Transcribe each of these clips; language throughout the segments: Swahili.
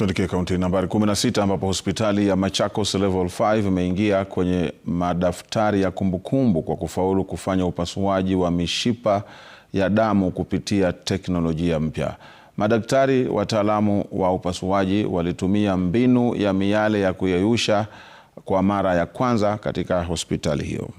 Tuelekee kaunti nambari 16 ambapo hospitali ya Machakos Level 5 imeingia kwenye madaftari ya kumbukumbu kwa kufaulu kufanya upasuaji wa mishipa ya damu kupitia teknolojia mpya. Madaktari wataalamu wa upasuaji walitumia mbinu ya miale ya kuyeyusha kwa mara ya kwanza katika hospitali hiyo.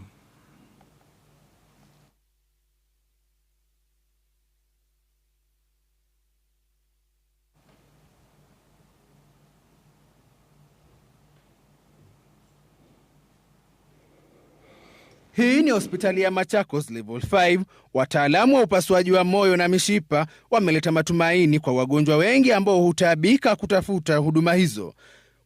Hii ni hospitali ya Machakos level 5. Wataalamu wa upasuaji wa moyo na mishipa wameleta matumaini kwa wagonjwa wengi ambao hutaabika kutafuta huduma hizo.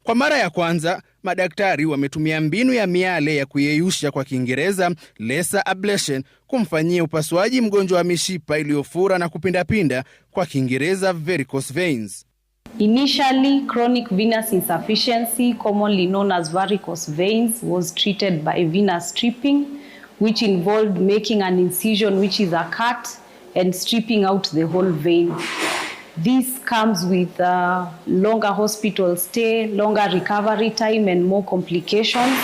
Kwa mara ya kwanza, madaktari wametumia mbinu ya miale ya kuyeyusha kwa Kiingereza laser ablation kumfanyia upasuaji mgonjwa wa mishipa iliyofura na kupindapinda kwa Kiingereza varicose veins. Initially, chronic venous insufficiency, commonly known as varicose veins, was treated by venous stripping, which involved making an incision, which is a cut, and stripping out the whole vein. This comes with uh, longer hospital stay, longer recovery time, and more complications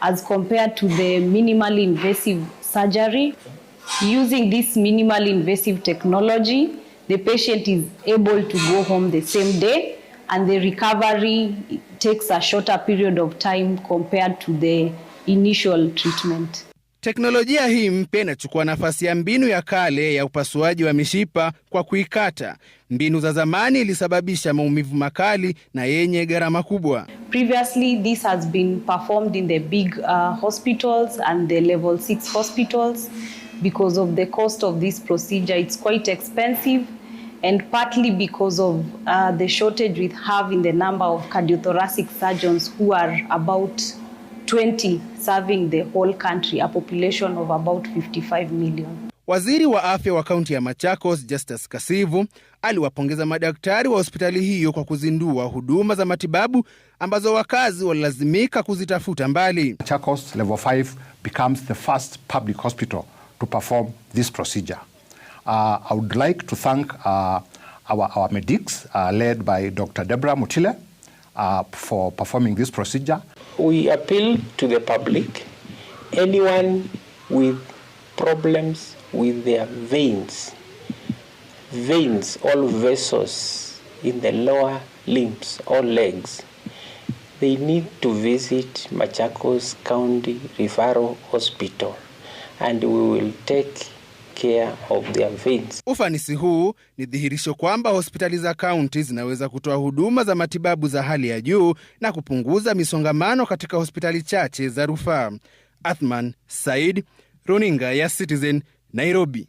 as compared to the minimally invasive surgery. Using this minimally invasive technology, the patient is able to go home the same day and the recovery takes a shorter period of time compared to the initial treatment. Teknolojia hii mpya inachukua nafasi ya mbinu ya kale ya upasuaji wa mishipa kwa kuikata. Mbinu za zamani ilisababisha maumivu makali na yenye gharama kubwa. Previously this has been performed in the big uh, hospitals and the level 6 hospitals because of the cost of this procedure. It's quite expensive and partly because of uh, the shortage we have in the number of cardiothoracic surgeons who are about 20 serving the whole country, a population of about 55 million. Waziri wa afya wa kaunti ya Machakos Justus Kasivu aliwapongeza madaktari wa hospitali hiyo kwa kuzindua huduma za matibabu ambazo wakazi walilazimika kuzitafuta mbali. Machakos level 5 becomes the first public hospital to perform this procedure. Uh, I would like to thank uh, our, our medics uh, led by Dr. Deborah Mutile uh, for performing this procedure. We appeal to the public, anyone with problems with their veins, veins, all vessels in the lower limbs or legs, they need to visit Machakos County Referral Hospital and we will take care of their Ufanisi huu ni dhihirisho kwamba hospitali za kaunti zinaweza kutoa huduma za matibabu za hali ya juu na kupunguza misongamano katika hospitali chache za rufaa. Athman Said, Runinga ya Citizen, Nairobi.